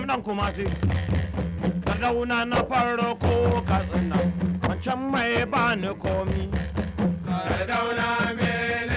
fm nan kuma ce sadauna na ko katsina wancan mai bani komi sadauna mai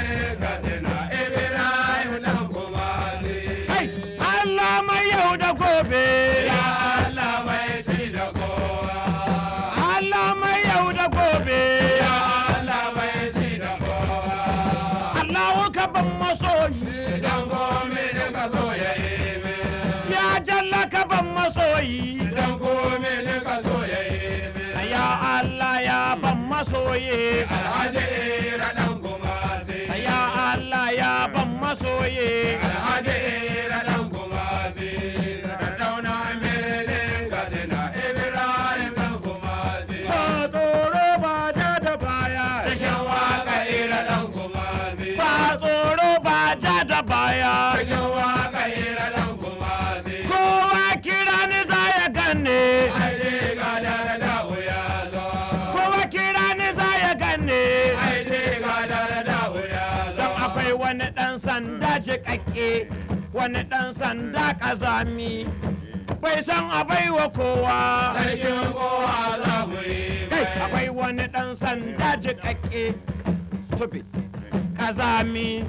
masoye alhaji raɗan dan sai ya Allah ya ban masoye alhaji raɗan dan sai raɗauna mirnin kadina ibrahim kan gumase sai ba tsoro ba ja da baya cikin waka raɗan kuma sai ba tsoro ba ja da baya cikin waka raɗan dan sai kowa kira ni zaya ganne wani ɗan sanda jiƙaƙƙe wani ɗan sanda ƙazami bai san abai wa kowa sarkin kowa za kai akwai wani ɗan sanda jiƙaƙƙe tobi ƙazami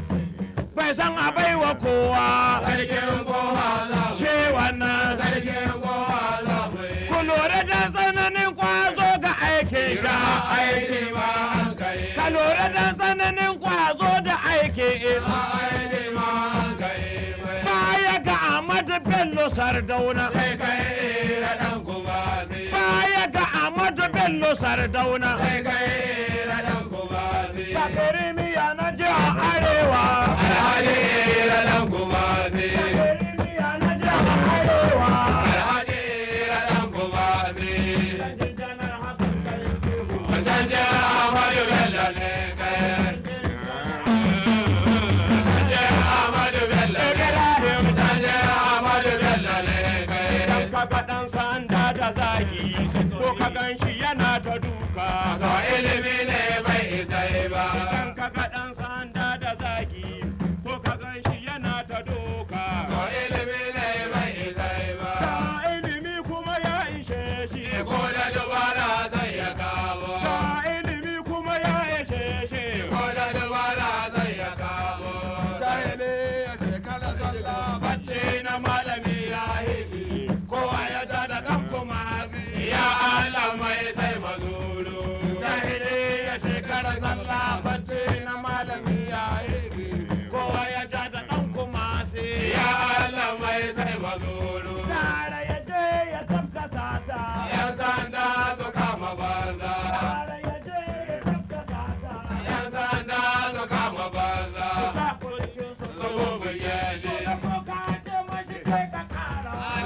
bai san abai wa kowa sarkin kowa za sarki baya ga Ahmadu Bello Sardauna baya ga Ahmadu Bello Sardauna Sakirimi yana jiha arewa Alhaji Radan Kumasi Sakirimi yana jiha arewa Alhaji Radan Kumasi Janar Hassan Karim Tuhu ka gan shi yana ta duka to ilimi ne bai isai ba kan ka ga dan sanda da zagi ko ka gan shi yana ta duka to ilimi ne bai isai ba ilimi kuma ya ishe shi ko da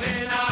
Carolina.